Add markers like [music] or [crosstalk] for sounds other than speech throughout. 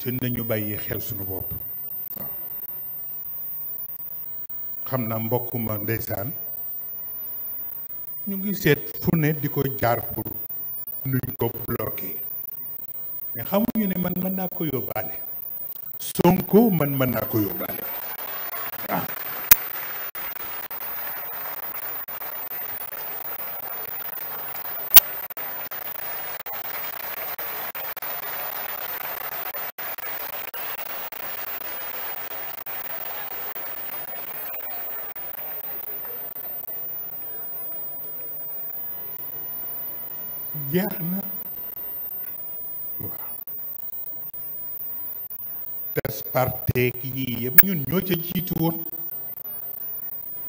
te nañu bàyyi xel sunu bopp waaw xam naa mbokkuma ndeysaan ñu ngi seet fu ne di ko jaar pour nuñ ko bloqué mais xamuñu ne man mën naa ko yóbbaale Sonko man mën naa ko yóbbaale jeex na waaw tas parteek yii yëpp ñun ñoo ca jiitu woon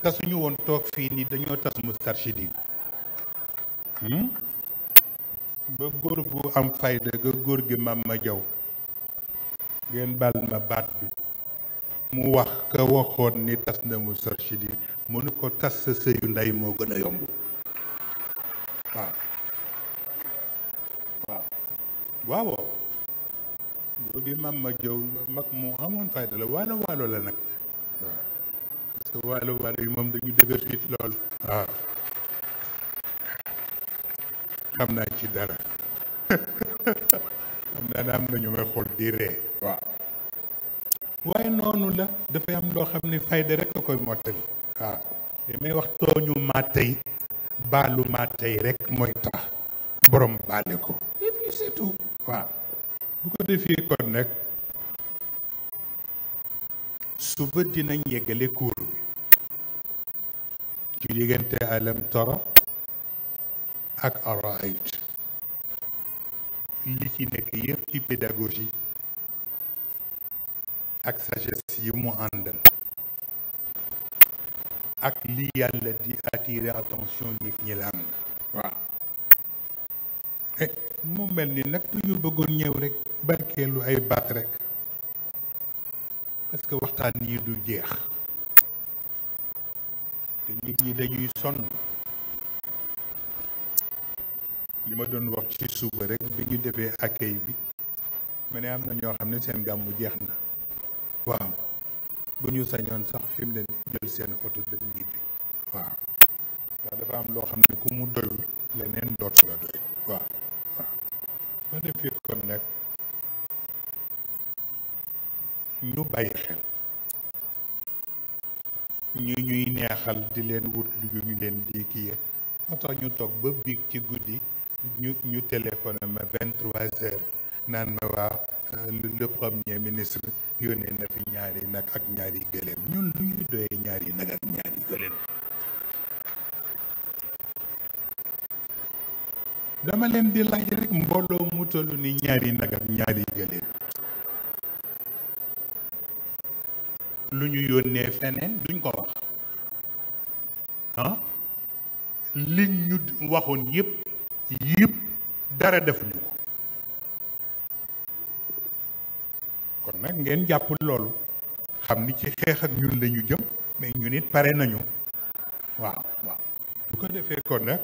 tasuñu woon toog fii ni dañoo tas Moustarchidine hmm? ba góor gu am fayda ga góor gi mam ma jaw ngeen bal ma baat bi mu wax ka waxoon ni tas na Moustarchidine mënu ko tas sa sëyu ndey moo gën a yomb waaw waaw góor gi maam ma jow mag mu amoon fayda la waalo waalo la nag waaw parce que waalo waalo yi moom dañu dëgër fit lool waaw ah. xam naa ci dara [laughs] xam naa na am na ñu may xool di ree waaw waaye noonu la dafay am loo xam ne fayda rek a koy mottali waaw ah. li may wax tooñu maa tey baalu maa rek mooy tax borom baale ko waaw bu ko defee kon nag suba dinañ yeggale kuur bi ci diggante alam tara ak araayit li ci nekk yëpp ci pédagogie ak sagesse yi mu àndal ak li yàlla di attirer attention nit ñi la ànd mu mel ni nag ñu bëggoon ñëw rek barkeelu ay baat rek parce que waxtaan yi du jeex te nit ñi dañuy sonn li ma doon wax ci suba rek bi ñu defee accueil bi ma ne am na ñoo xam ne seen gàmmu jeex na waaw bu ñu sañoon sax fi mu ne jël seen oto dem ñibbi waaw ndax dafa am loo xam ne ku mu doyul leneen dootu la doy ma defee kon nag ñu bàyyi xel ñu ñuy neexal di leen wut lu ñu leen di kii moo tax ñu toog ba biig ci guddi ñu ñu téléphoné ma vingt trois heures naan ma waaw euh, le premier ministre yónnee na fi ñaari nag ak ñaari gëléem ñun lu ñuy doyee ñaari nag ak ñaari gëléem dama leen di laaj rek mbooloo mu tollu ni ñaari nag ak ñaari gëléem lu ñu yónnee feneen duñ ko wax ah li ñu waxoon yëpp yëpp dara defuñu ko kon nag ngeen jàpp loolu xam ni ci xeex ak ñun lañu jëm mais ñun it pare nañu waaw waaw bu ko defee kon nag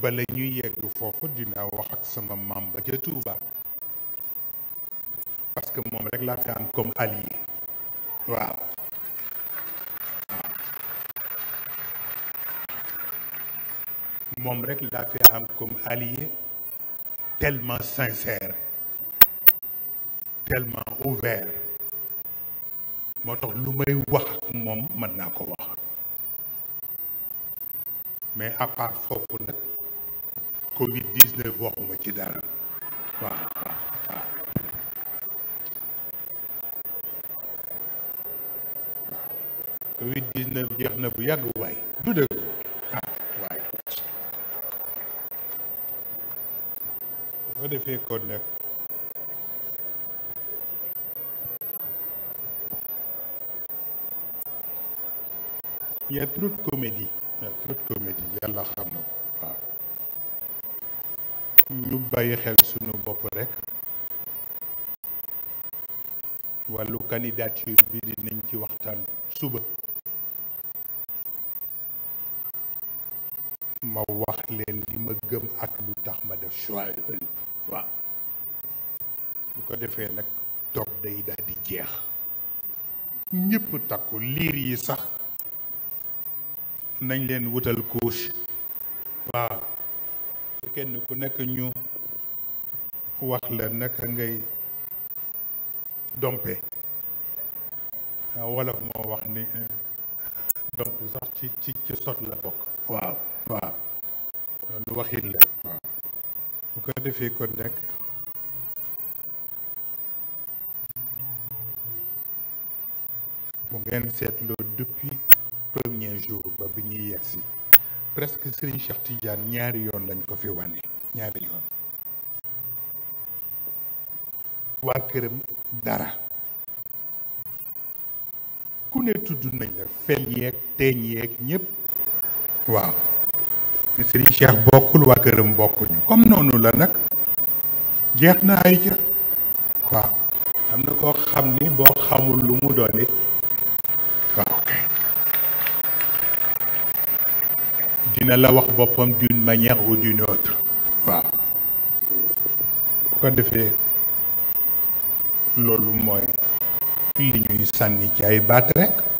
bala ñuy yegg foofu dinaa wax ak sama maam ba ca Touba parce que moom rek laa fi am comme allié waaw. moom rek laa fi am comme allié tellement sincère tellement ouvert moo tax lu may wax ak moom mën naa ko wax mais à part foofu Covid 19 waxuma ci dara waaw waaw Covid 19 jeex na bu yàgg waay du dëgg ah waay. bu defee kon nag y a trop de comédie y yàlla xam na ko waaw. ñu bàyyi xel sunu bopp rekk wàllu candidature bi dinañ ci waxtaan suba ma wax leen li ma gëm ak lu tax ma def choix waaw bu ko defee nag toog day daal di jeex ñépp takku liir yi sax nañ leen wutal couche kenn ku nekk ñu wax la naka ngay dompe ah, wolof moo wax ni eh, domp sax ci sot la bokk waaw waaw lu waxin la waaw bu ko defee kon nekk bu ngeen seetloo depuis premier jour ba bi ñuy yegsi presque Serigne Cheikh Tidiane ñaari yoon lañ ko fi wane ñaari yoon waa këram dara ku ne tudd nañ la fel yeeg teeñ yeeg ñépp waaw ni Serigne bokkul waa këram bokkuñu comme noonu la nag jeex na ay ca waaw am na koo xam ni boo xamul lu mu doon it waaw dina la wax boppam d'une manière ou d'une autre waaw bu ko defee loolu mooy li ñuy sànni ci ay baat rekk